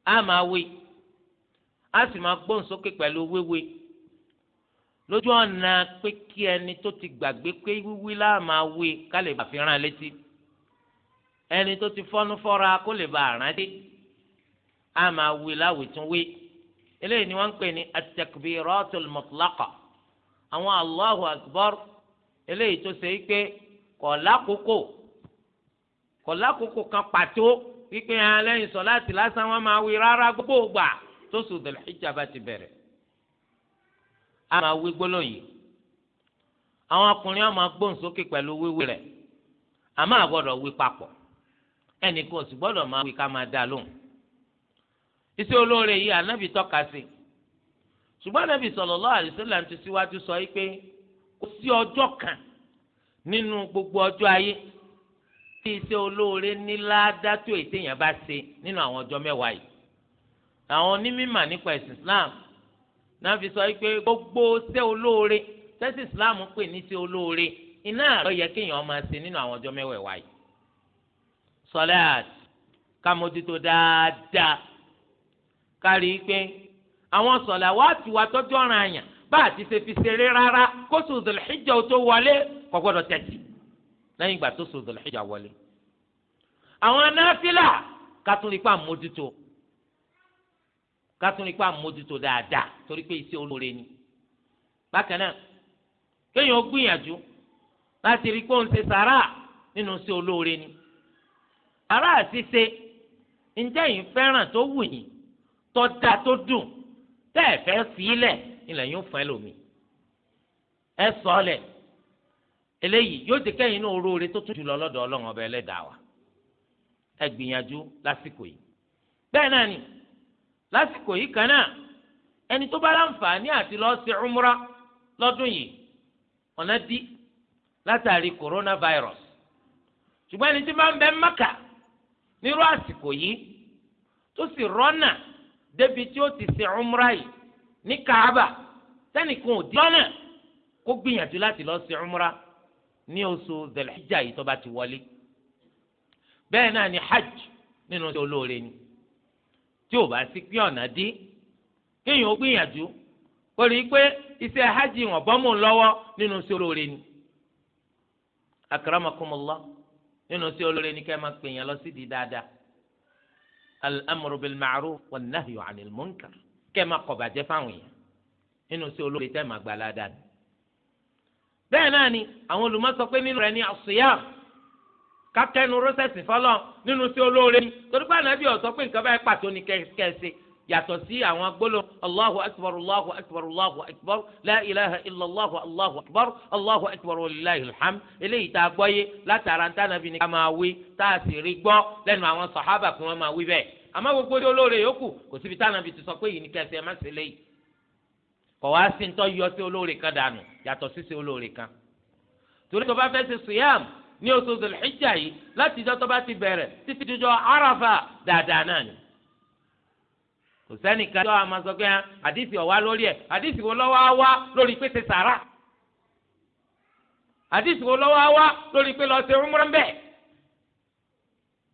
a máa wí a sì máa gbóhùn sókè pẹ̀lú wíwí lójú ọ̀nà pé kí ẹni tó ti gbàgbé pé wíwí la máa wí ká lè bá fi rán létí ẹni tó ti fọ́nú fọ́ra kó lè bá rántí a máa wí láwìtúnwí eléyìí ni wọ́n ń pè ní at-takbiratul àwọn allahu akbar eléyìí tó ṣe é pé kò lákòókò kò lákòókò kan pàtó wípé hàn lẹ́yìn sọ láti lásán wọn máa wí rárá gbogbo gbà tó sùn dọ̀lẹ́ ìjàmbá ti bẹ̀rẹ̀ a máa wí gbólóhùn yìí àwọn ọkùnrin ọmọ gbóhùn sókè pẹ̀lú wíwí rẹ̀ àmọ́ àgbọ̀dọ̀ wí papọ̀ ẹnì kan sì gbọ́dọ̀ máa wí ká máa dá lóhùn iṣẹ́ olóore yìí ànábì tọ́ka sí ṣùgbọ́n ànábì sallallahu alaihi wasallam ti síwájú sọ yìí pé kò sí ọjọ́ kan nínú gbogbo ọjọ́ ayé tí iṣẹ́ olóore ní ládàtò ètèyàn bá ṣe nínú àwọn ọjọ́ mẹ́wàá yìí àwọn onímọ̀ nípa ẹ̀sìn Islam náà fi sọ pé gbogbo iṣẹ́ olóore tẹ́sí Islam pè ní iṣẹ́ olóore iná àárọ̀ yẹ kéèyàn máa ṣe nínú àwọn ọjọ́ mẹ́wàá yìí sọláàt kámójútó dáadáa kárí pé àwọn sọlá wa ti tọ́jú ọ̀ràn àyàn bá a ti ṣe fi ṣeré rárá kóṣù Dhul tó wọlé kò gbọ́dọ̀ tẹ̀sí lẹ́yìn ìgbà tó so Dhul-Hijja wọlé. àwọn anáfílà kátólípà mójútó kátólípà mójútó dáadáa torí pé iṣẹ́ olóore ni. bákan náà kéèyàn ó gbìyànjú láti rí i pé ṣe sàrà nínú iṣẹ́ olóore ni. ará àṣìṣe ǹjẹ́ yìí fẹ́ràn tó wù yín tó dáa tó dùn tẹ́ ẹ̀ fẹ́ fi í lẹ̀ ilẹ̀ yóò fẹ́ lómi. ẹ sọ lẹ̀ eléyìí yóò jẹ́ kẹ́yìn náà oróore tó tún jùlọ lọ́dọ̀ Ọlọ́run ọba Ẹlẹ́dàá wa ẹ gbìyànjú lásìkò yìí bẹ́ẹ̀ náà ni lásìkò yìí kan náà ẹni tó bá láǹfààní àti lọ sí umra lọ́dún yìí ọ̀nà dí látàrí coronavirus ṣùgbọ́n ẹni tí máa ń bẹ Mẹ́kà nírú àsìkò yìí tó sì rọ́nà débi tí ó ti ṣe umra yìí ní Kaaba sẹ́nìkan ò di lọ́nà kó gbìyànjú láti lọ sí umra ní oṣù zelhijja yìí tó bá ti wọlé bẹ́ẹ̀ náà ni hajj nínú ti olóore ni tí ò bá sí pé ọ̀nà dí kéèyàn ó gbìyànjú kó rí i pé iṣẹ́ hajj wọn bọ́ mò ń lọ́wọ́ nínú ti olóore ni akramakumullah nínú ti olóore ni kẹ́ẹ̀ máa pè lọ sí di dáadáa al-amru bil ma'ruf wan 'anil munkar kẹ́ẹ̀ máa kọ̀ bàjẹ́ fáwọn èèyàn nínú ti olóore tẹ́ẹ̀ máa gbà ládàá ni bẹ́ẹ̀ náà ni àwọn olùmọ̀ sọ pé nínú rẹ̀ ni àṣìyá kákẹ́nu rọ́sẹ̀sì fọlọ́ nínú sí olóore ni torí pé ànábì ọ̀sọ́ pé nǹkan báyìí pàtó ni kẹ̀sì yàtọ̀ sí àwọn gbólóhùn allahu akbar allahu akbar allahu akbar la ilaha illa allahu allahu akbar allahu akbar walilahi alhamd eléyìí tá a gbọ́ yé látara ń tànàbí ni ká máa wí tá a sì rí gbọ́ lẹ́nu àwọn sàhábà kí wọ́n máa wí bẹ́ẹ̀ àmọ́ gbogbo olóore yòókù kò síbi tànàbí ti sọ pé yìí ni kẹsì ẹ ṣe léyìí kọ̀ wá sí ntọ́ yọ sí olóore kan dànù yàtọ̀ sí sí olóore kan torí tó bá fẹ́ ṣe sùyàm ní oṣù Zulhijja yìí láti ìjọ tó bá ti bẹ̀rẹ̀ títí dúdú Arafa dáadáa náà ni kò sẹ́nìkan tó àmọ́ sọ pé àdìsí ah, ọ̀wá lórí ẹ̀ àdìsí wo lọ́wọ́ á wá lórí pé ṣe sàrà àdìsí wo lọ́wọ́ á wá lórí pé lọ́ọ́ ṣe umrah ń bẹ̀.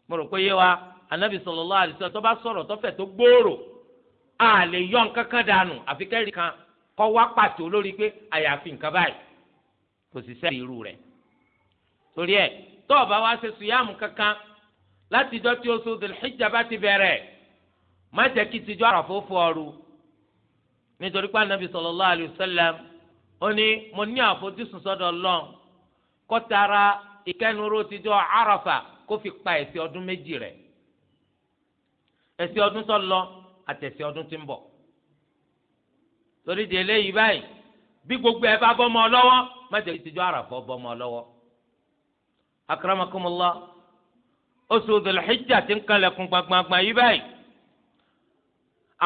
mo rò pé yé wa anabi sallallahu alaihi wasallam tó bá sọ̀rọ̀ tó fẹ̀ tó gbòòrò a lè yọ nǹkan kan dànù àfikẹ́rì kan kọ́ wá pàtó lórí pé àyàfi nǹkan báyìí kò sì sẹ́ẹ̀rì irú rẹ̀ torí ẹ̀ tó o bá wá ṣe sùyàmù kankan láti jọ tí oṣù Dhul-Hijjah bá ti bẹ̀rẹ̀ má jẹ́ kí tijọ́ àràfó fún ọrù nítorí pé anabi sallallahu alayhi wa sallam ó ní mo ní àfojúsùn sọ́dọ̀ lọ́n kó tara ìkẹnuró tijọ́ àràfà kó fi pa ẹ̀ṣẹ̀ ọdún méjì rẹ̀ ẹ̀ṣẹ̀ ọdún tó lọ àtẹ̀ṣẹ̀ ọdún tí ń bọ̀. torí di eléyìí báyìí bí gbogbo ẹ bá bọ́mọ lọ́wọ́ má jẹ́ ìtìjú àràfọ́ bọ́mọ lọ́wọ́. o oṣù Dhul-Hijjah ti ń kalẹ̀kùn gbangbangba yìí báyìí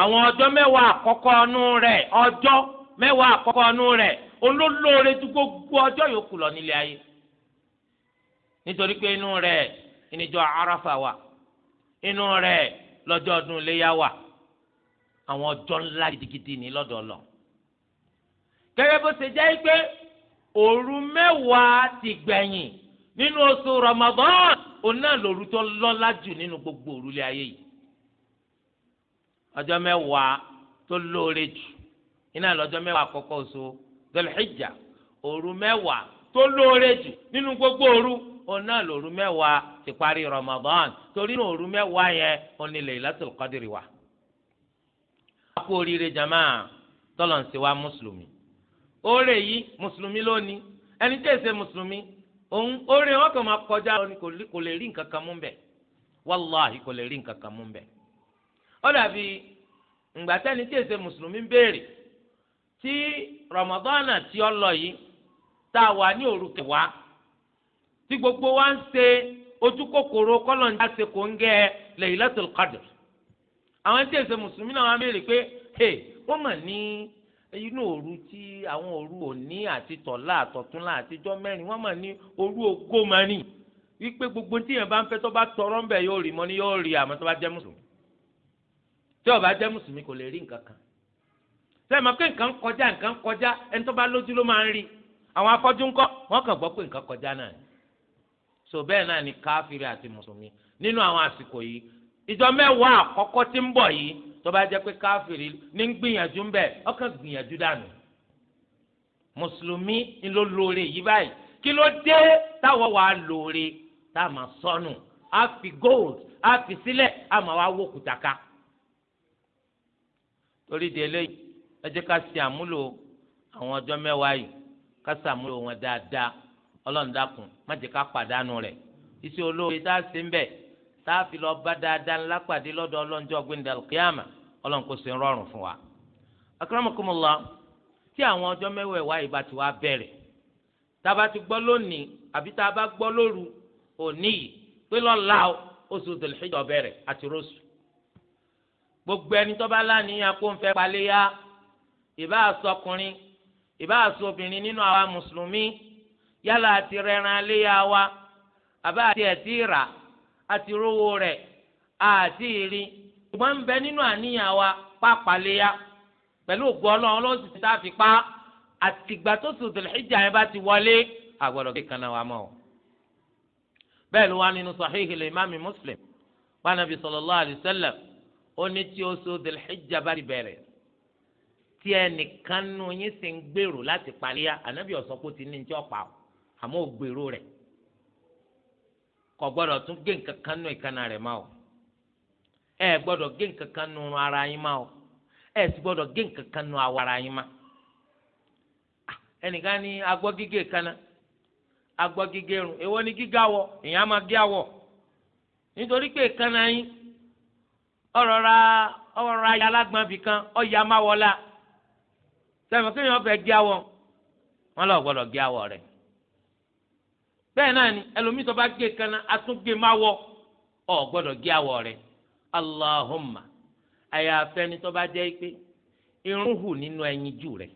àwọn ọjọ́ mẹ́wàá àkọ́kọ́ ọnú rẹ̀ ọjọ́ mẹ́wàá àkọ́kọ́ ọnú rẹ̀ olólóore gbogbo ọjọ́ lọ nílé ayé nítorí pé gẹ́gẹ́ bó ṣe jẹ́ pé òru mẹ́wàá ti gbẹ̀yìn nínú oṣù Ramadan òun náà lòru tó lọ́lá jù nínú gbogbo òrùlé ayé yìí ọjọ́ mẹ́wàá tó lóore jù iná lọ́jọ́ mẹ́wàá àkọ́kọ́ oṣù òru mẹ́wàá tó lóore jù nínú gbogbo òru òun náà lòru mẹ́wàá ti parí Ramadan torí òru mẹ́wàá yẹn òun ni wa. a jama tọ́lọ̀ ń oore yi, mùsùlùmí lónìí ẹni tí èsè mùsùlùmí òun oore wọn kàn máa kọjá lọ kò lè rí nǹkan kan mú bẹ wàláhì kò lè rí nǹkan kan mú bẹ ó dàbí ìgbà tẹni tí èsè mùsùlùmí béèrè tí Ramadana tí ó yìí tá a wà ní tí gbogbo wa ń se ojú kòkòrò kò ń gẹ àwọn tí èsè mùsùlùmí náà wà ń béèrè inú òru tí àwọn òru òní àti tọ̀la àtọ̀túnla àtijọ́ mẹ́rin wọ́n mà ní òru ògo mà ní wípé gbogbo tí yẹn bá ń fẹ́ tó bá tọrọ ńbẹ yóò rí mọ́ ni yóò rí àmọ́ tó bá jẹ́ mùsùlùmí tí ó bá jẹ́ mùsùlùmí kò lè rí nǹkan kan sẹ́mi pé nǹkan kọjá nǹkan kọjá ẹni tó bá lójú ló máa ń rí àwọn afọ́jú ńkọ́ wọ́n kàn gbọ́ pé nǹkan kọjá náà ni so bẹ́ẹ̀ náà ni káfíìrì àti mùsùlùmí nínú àwọn àsìkò yìí ìjọ mẹ́wàá àkọ́kọ́ tí ń bọ̀ yìí tó bá jẹ́ pé káfíìrì ní ń gbìyànjú ń bẹ̀ ọkàn gbìyànjú dànù mùsùlùmí ni ló lóore yìí báyìí kí ló dé táwọn wàá lóore tá a máa sọnù á fi gold á fi sílẹ̀ á máa wá wó kùtàkà torí de eléyìí ká ṣe àmúlò àwọn ọjọ́ mẹ́wàá yìí ká ṣàmúlò wọn dáadáa ọlọ́run má jẹ́ ká pàdánù rẹ̀ iṣẹ́ olóore tá a ṣe ń bẹ̀ táàfi lọ bá dáadáa ńlá pàdé lọ́dọ̀ ọlọ́njọ́ gbẹ̀ndà kíámà ọlọ́run kò sì rọrùn fún wa. akramakumullah tí àwọn ọjọ́ mẹ́wàá ìwà ìbá ti wá bẹ̀rẹ̀ tá a bá ti gbọ́ lónìí àbí tá a bá gbọ́ lóru òní yìí pé lọ́la oṣù tòlùfíjọ bẹ̀rẹ̀ àti rọ́ṣù. gbogbo ẹni tó bá láníyàn kó ń fẹ́ paléyà ìbá àsọkùnrin ìbá àsọbìnrin nínú àwa mùsùlùmí yálà àti rẹran aléyà wa àbá àti ẹ̀ àti rówó rẹ̀ àti ìrìn ṣùgbọ́n ń bẹ nínú àníyàn wa pápáléyà pẹ̀lú ògbó ọlọ́run ọlọ́run sì tá a fi pa àtìgbà tó sì òtòlẹ̀ ìjà yẹn bá ti wọlé àgbọ̀dọ̀ kí kan náà wà mọ́ ọ. bẹ́ẹ̀ ló wá nínú sahih imaami muslim wa nabi sallallahu alayhi wa sallam ó ní tí oṣù òtòlẹ̀ ìjà bá ti bẹ̀rẹ̀ tí ẹnìkan nù yín sì ń gbèrò láti paléyà ànábì ọ̀sán ti ní ní tí ọ̀pá àmọ́ ògbèrò rẹ̀ kò gbọdọ tún gé nǹkan kan nù ìkànnà rẹ̀ máa o ẹ gbọdọ gé nǹkan ara yín máa o ẹ sì gbọ́dọ̀ gé nǹkan kan nù awọ ara yín máa ẹnìkan ní gígé irun ni gíga wọ èèyàn máa gé àwọ̀ nítorí pé ìkànnà yín ra ra máa wọlá bẹ́ẹ̀ náà ni ẹlòmíì tó bá gé kaná atúngé má wọ ọ gbọ́dọ̀ gé awọ rẹ̀ Allahumma àyàfẹ́ ni tó bá jẹ́ pé irun hù nínú ẹyinjú rẹ̀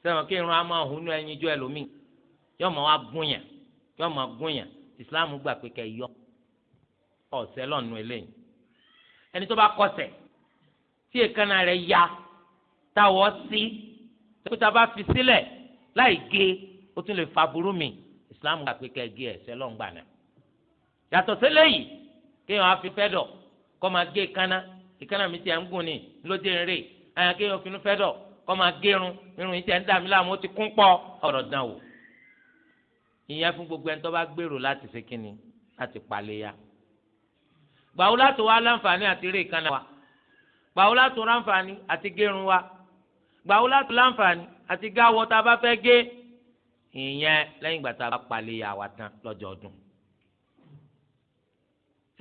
sẹ́wọ̀n kí irun á máa hù nínú ẹyinjú ẹlòmíì yóò máa wá gúnyàn Islam gbà pé kẹ́ yọ ọ̀sẹ̀ lọ́nu eléyìí ẹni tó bá kọsẹ̀ tí ya táwọ̀ sí tó tá a bá fi sílẹ̀ láì gé islam gbà pé kẹ́ẹ́ gé ẹ̀sẹ̀ lọ́ngbà náà yàtọ̀ sílẹ̀ yìí kéèyàn á fi kọ́ máa gé kaná ìkànnà mi ti à ń gùn ni lóde ń rè àyàn kéèyàn finú fẹ́ dọ̀ kọ́ máa gérun irun yìí ti à ń dà mí láàmú ó ti kún pọ̀ ọ̀rọ̀ dán wò ìyẹn fún gbogbo ẹni tó bá gbèrò láti ṣe kínni láti paléya gbàwó láti wá láǹfààní àti rè kaná wa gbàwó láti láǹfààní àti gérun wa gbàwó láti láǹfààní àti gáwọ́ tá a bá fẹ́ gé ìyẹn lẹ́yìn ìgbà tá a bá palẹ̀ àwa tán lọ́jọ́ ọdún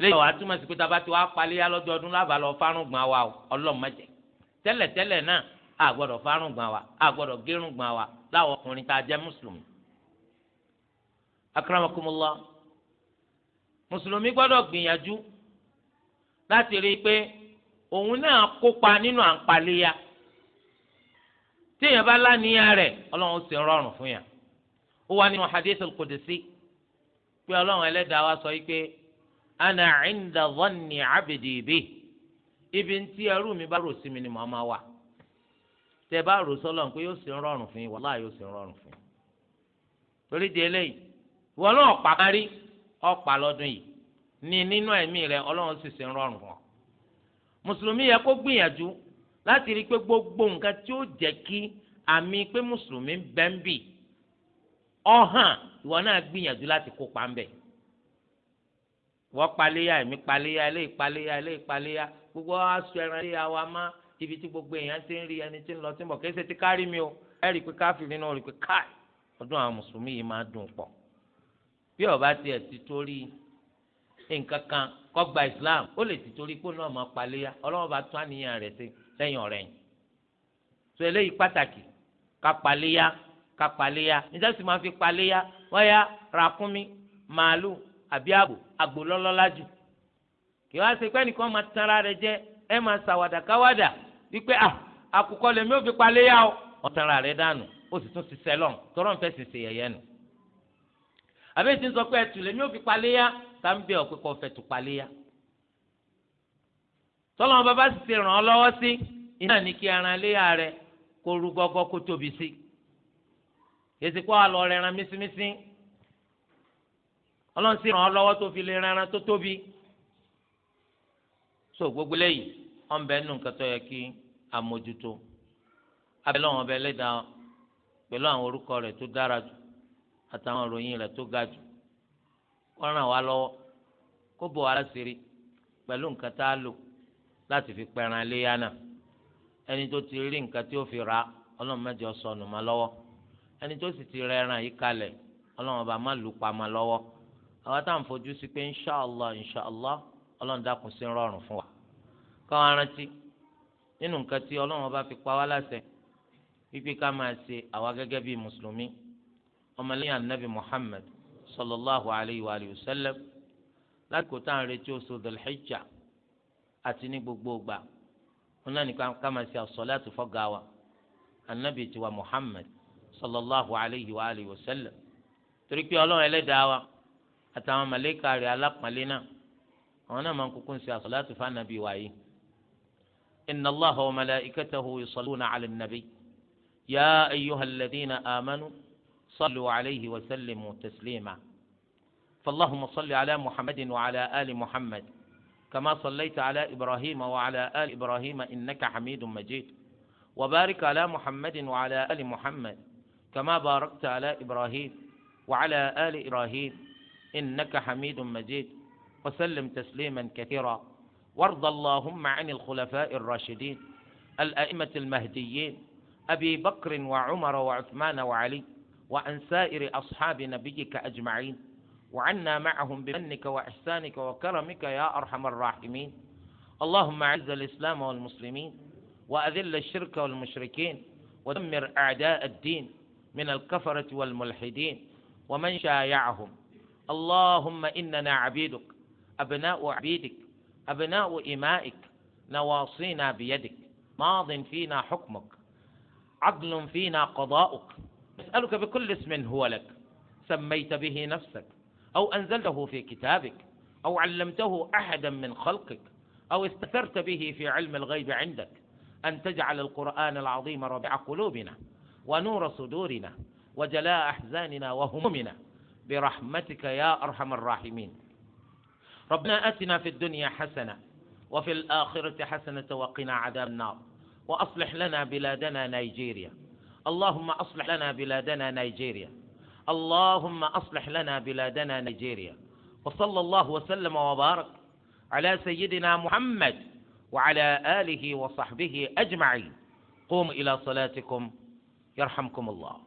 lẹ́yìn ọ̀hún àtúmọ̀ sí pé tá a bá ti wá palẹ̀ yá lọ́jọ́ ọdún lábàá lọ fárùngbọ̀n wa ọlọ́mọdé tẹ́lẹ̀tẹ́lẹ̀ náà a gbọ́dọ̀ fárùngbọ̀n wa a gbọ́dọ̀ gérùngbọ̀n wa láwọn ọkùnrin tá a jẹ́ mùsùlùmí. akramakumullah mùsùlùmí gbọ́dọ̀ gbìyànjú láti rí i pé òun náà kópa nínú à ń palẹ̀ yá téèyàn bá láníyàn ó wà nínú hadithul qudsi pé eleda ẹlẹ́dàá wa sọ wípé ana inda dhanni abdi bi ibi nti ẹrú mi bá ni màá máa wà tẹ bá rò sọlọ pé yóò sì rẹ sì rọrùn fún ọ gbìyànjú láti rí i pé gbogbo nǹkan tí ó jẹ́ kí àmì pé mùsùlùmí ọ̀hàn ìwọ náà gbìyànjú láti kópa ń bẹ̀. wọ́n paléyà èmi paléyà eléyìí paléyà eléyìí paléyà gbogbo aṣọ ẹran léyà wa má ibi tí gbogbo èèyàn ti ń rí ẹni tí ń lọ tí ń bọ̀ kí ẹ ṣe ti kárí mi o ẹ rí i pé káfíìnì náà rí i pé káì ọdún àwọn mùsùlùmí yìí máa dùn pọ̀ bí ọba tiẹ̀ ti torí nǹkan kan kó gba Islam ó lè ti torí pé náà máa paléyà ọlọ́wọ́n bá tún àníyàn rẹ̀ sí lẹ́yìn ọ̀rẹ́yìn so eléyìí pàtàkì ká paléyà ka paléyà níta sì máa fi ma fi ràkúnmí màálù àbí ya àgbò lọ́lọ́lá jù kí wá ṣe pé ẹnìkan máa tanra rẹ̀ jẹ ẹ máa sa káwàdà wípé à àkùkọ lèmi ò fi o ọ̀tanra rẹ̀ dànù ó sì tún ti sẹlọ̀n tọrọ ń fẹ́ sì ṣe yẹ̀yẹ́ nù àbẹ́yẹ ń sọ pé ẹtù lèmi ò fi paléyà tá ń bẹ̀ fẹ́ tù sì ti ràn ọ́ lọ́wọ́ sí ní kí rẹ kó rú gọ́gọ́ kó tóbi sí. yesi kó àlọ rẹran mísímísí ọlọ́run sì ràn ọ́ lọ́wọ́ tó fi so gbogbo lẹ́yìn ọ̀n bẹ́ẹ̀ nù nǹkan tó yẹ kí amójútó abẹ́lẹ́ wọn bẹ́ẹ̀ lẹ́dàá tọ àwọn orúkọ tó dára jù àtàwọn ìròyìn rẹ̀ tó ga jù ràn wá kó nǹkan tá a ti rí fi ra ọlọ́run sọnù má ẹni tó sì ti rẹ ẹran yìí kalẹ̀ ọlọ́run ọba má lù pamọ́ lọ́wọ́ àwọn táwọn fojú sí pé inṣàlá inṣàlá ọlọ́run dákun sí rọrùn fún wa káwọn arántí nínú nǹkan tí ọlọ́run ọba fi pa wá láṣẹ wípé ká máa ṣe àwa gẹ́gẹ́ bíi mùsùlùmí ọmọlẹ́yìn anabi muhammed sallallahu alayhi wa sallam láti kó táwọn retí oṣù dàlhíjà àti ní gbogbo ìgbà wọn náà ní ká máa ṣe àṣọlá àti fọ́gà wa anabi tiwa muhammed sallallahu alayhi wa alihi wa sallam torí pé ọlọ́run ẹlẹ́dàá wa àtàwọn màlẹ́kà rẹ̀ alápàlẹ́ náà àwọn náà máa ń kúkú ń ṣe àsàlátù fánàbí wáyé inna allaha wa malaikatahu yusalluna ala nabi ya ayyuhal ladina amanu sallu alayhi wa sallimu taslima fallahumma salli ala muhammadin wa ala ali muhammad kama sallaita ala ibrahim wa ala ali ibrahim innaka hamidun majid wa barik ala muhammadin wa ala ali muhammad. كما باركت على إبراهيم وعلى آل إبراهيم إنك حميد مجيد وسلم تسليما كثيرا وارض اللهم عن الخلفاء الراشدين الأئمة المهديين أبي بكر وعمر وعثمان وعلي وعن سائر أصحاب نبيك أجمعين وعنا معهم بمنك وإحسانك وكرمك يا أرحم الراحمين اللهم أعز الإسلام والمسلمين وأذل الشرك والمشركين ودمر أعداء الدين من الكفرة والملحدين ومن شايعهم اللهم إننا عبيدك أبناء عبيدك أبناء إمائك نواصينا بيدك ماض فينا حكمك عدل فينا قضاؤك نسألك بكل اسم هو لك سميت به نفسك أو أنزلته في كتابك أو علمته أحدا من خلقك أو استثرت به في علم الغيب عندك أن تجعل القرآن العظيم ربيع قلوبنا ونور صدورنا وجلاء أحزاننا وهمومنا برحمتك يا أرحم الراحمين ربنا أتنا في الدنيا حسنة وفي الآخرة حسنة وقنا عذاب النار وأصلح لنا بلادنا نيجيريا اللهم أصلح لنا بلادنا نيجيريا اللهم أصلح لنا بلادنا نيجيريا وصلى الله وسلم وبارك على سيدنا محمد وعلى آله وصحبه أجمعين قوموا إلى صلاتكم يرحمكم الله